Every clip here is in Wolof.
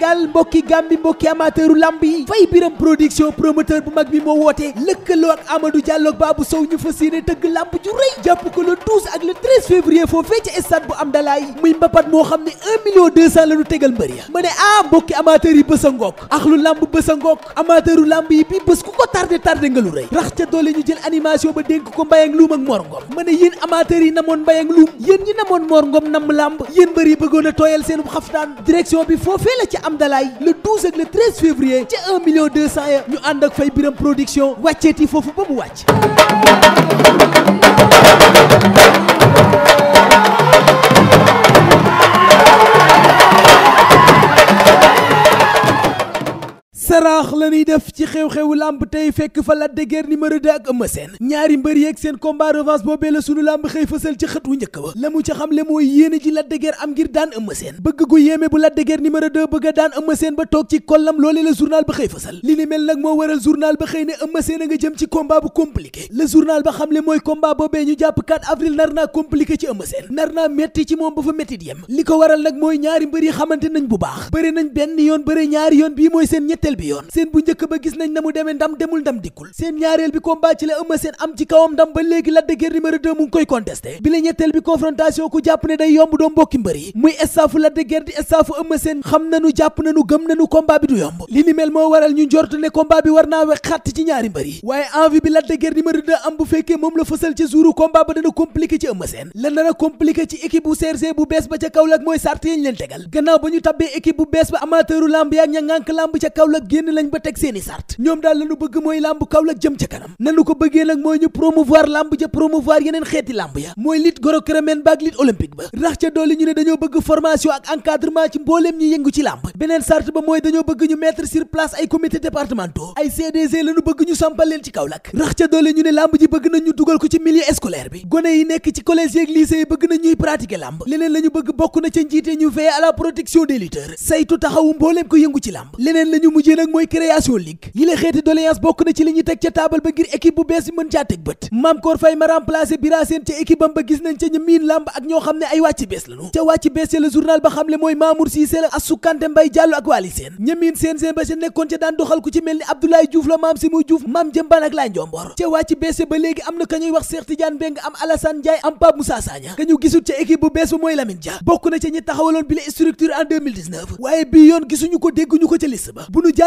Sénégal mbokki Gambie mbokki amateuru lamb yi Faye Birame production promoteur bu mag bi moo woote lëkkaloo ak Amadou Diallo ak Babou Sow ñu fas yéene tëgg lamb ju rëy jàpp ko le 12 ak le 13 février foofee ci stade bu Amdalaay muy mbapat moo xam ne million 200 la ñu tegal mbër ya ma ne ah mbokki amateur yi bës a ngook ak lu bës a ngook amateuru lamb yi bi bës ku ko tardé tardé nga lu rëy rax ca doole ñu jël animation ba dénk ko Mbayang yi namoon Mbayang Loum yéen ñi namoon a tooyal Amdalaay le 12 ak le 13 février ci 1 million 200 ya ñu ànd ak Faye Biram production wàcceeti foofu ba mu wàcc saraax la ñuy def ci xew-xewu lamb tey fekk fa Lac de Guiers numéro ak Eumeu Sène ñaari mbër yeeg seen combat revanche boobee la sunu lamb xëy fësal ci xët wu njëkk ba la mu ca xamle mooy yéene ji Lac de Guiers am ngir daan Eumeu Sène bëgg gu yéeme bu Lac de bëgg a daan Eumeu Sène ba toog ci kollam loole la journal ba xëy fësal li ni mel nag moo waral journal ba xëy ne Eumeu Sène a nga jëm ci combat bu compliqué le journal ba xamle mooy combat boobee ñu jàpp 4 avril nar metti ci moom ba fa metti ko waral nag mooy ñaari mbër yi xamante nañ bu baax bëre nañ benn yoon bëre ñaari yoon bii mooy seen ñetteel bi yoon seen bu njëkk ba gis nañ na mu demee ndam demul ndam dikkul seen ñaareel bi combat ci la Eumeu Sène am ci kawam ndam ba léegi Lac de Guiers mu ngi koy contesté bi la ñetteel bi confrontation ku jàpp ne day yomb doo mbokki mbër yi muy estaafu Lac de estaafu Eumeu Sène xam nanu jàpp nanu gëm nanu combat bi du yomb li moo waral ñu njort ne combat bi war naa xàtt ci ñaari mbër yi waaye envie bi Lac de Guiers am bu fekkee génn lañ ba teg seeni sart ñoom daal lañu bëgg mooy làmb Kaolack jëm ca kanam nanu ko bëggee nag mooy ñu promouvoir làmb ja promouvoir yeneen xeeti làmb ya mooy lit goro kërëmeen baak lit olympique ba rax ca dooli ñu ne dañoo bëgg formation ak encadrement ci mbooleem ñi yëngu ci làmb beneen sart ba mooy dañoo bëgg ñu mettre sur place ay comité départementaux ay CDG lañu bëgg ñu sampal ci Kaolack rax ca dooli ñu ne làmb ji bëgg nañ dugal ko ci nag mooy création ligue yi la xeeti doléance bokk na ci li ñu teg ca taabal ba ngir équipe bu bees bi mën caa teg bët Mame Cor Faye ma remplacé Bira ca équipe ba gis nañ ca ñu miin làmb ak ñoo xam ne ay wàcc bees lañu ca wàcc bees la journal ba xamle mooy Mamour Cissé la Assou Kanté Mbaye Diallo ak Waly Sène ña seen seen ba ca nekkoon ca daan doxal ku ci mel ni Abdoulaye Diouf la maam si muy Diouf maam jëmbaan ak laay njomboor ca wàcc bees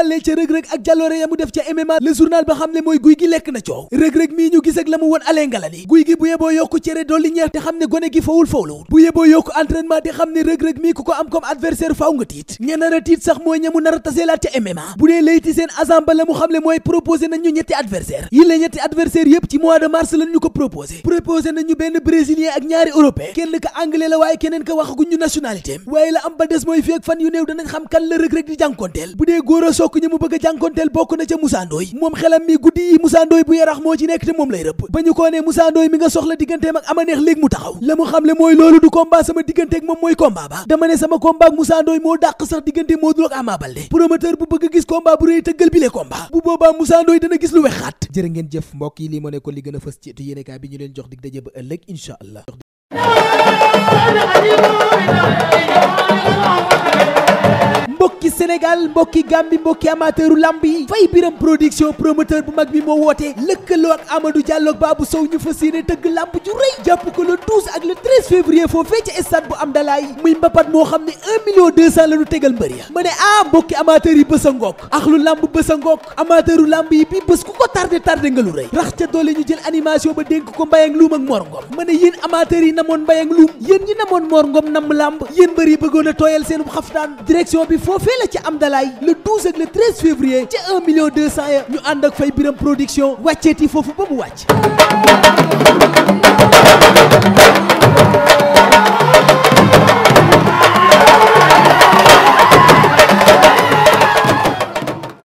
jàllee mu def ca MMA le journal ba xam ne mooy guy gi lekk na coow rëg-rëg mii ñu gis ak la mu woon alee guy gi bu yeboo yokku cere dolli ñeex te xam ne gone gi fawul fawlawul bu yeboo yokku entraînement te xam ne rëg-rëg mii ku ko am comme adversaire faaw nga tiit ña nar tiit sax mooy ña mu taseelaat ca MMA bu dee layti seen agent la mu xam ne mooy proposé nañ ñetti adversaire yi la ñetti adversaire yépp ci mois de mars lañ ñu ko proposé mbokk ñi mu bëgg a jànkonteel bokk na ca Moussa moom xelam mi guddi yi Moussa bu yarax moo ci nekk te moom lay rëbb ba ñu ko ne Moussa mi nga soxla digganteem ak Ama Neex léegi mu taxaw la mu xamle mooy loolu du combat sama diggante ak moom mooy combat ba dama ne sama combat ak Moussa moo dàq sax diggante Modou Lo ak Ama Baldé promoteur bu bëgg gis combat bu réy tëggal bi le bu boobaa Moussa dana gis lu wexaat jërë ngeen jëf Sénégal mbokki Gambie mbokki amateuru lamb yi Faye Birame production promoteur bu mag bi moo woote lëkkaloo ak Amadou Diallo ak Babou Sow ñu fas yéene tëgg lamb ju rëy jàpp ko le 12 ak le 13 février foofee ci stade bu Amdalaay muy mbapat moo xam ne 1 million 200 la ñu tegal mbër ya ma ne ah mbokki amateur yi bës a ngook ak lu bës a ngook amateuru lamb yi bii bës ku ko tardé tardé nga lu rëy rax ca doole ñu jël animation ba dénk ko Mbayang ak Mor yi namoon Mbayang Loum yéen ñi namoon Mor Ngom namm lamb yéen a bi foofee Abdalaay le 12 ak le 13 février ci 1 million 200 ya ñu ànd ak fay biram production wàcceeti foofu ba mu wàcc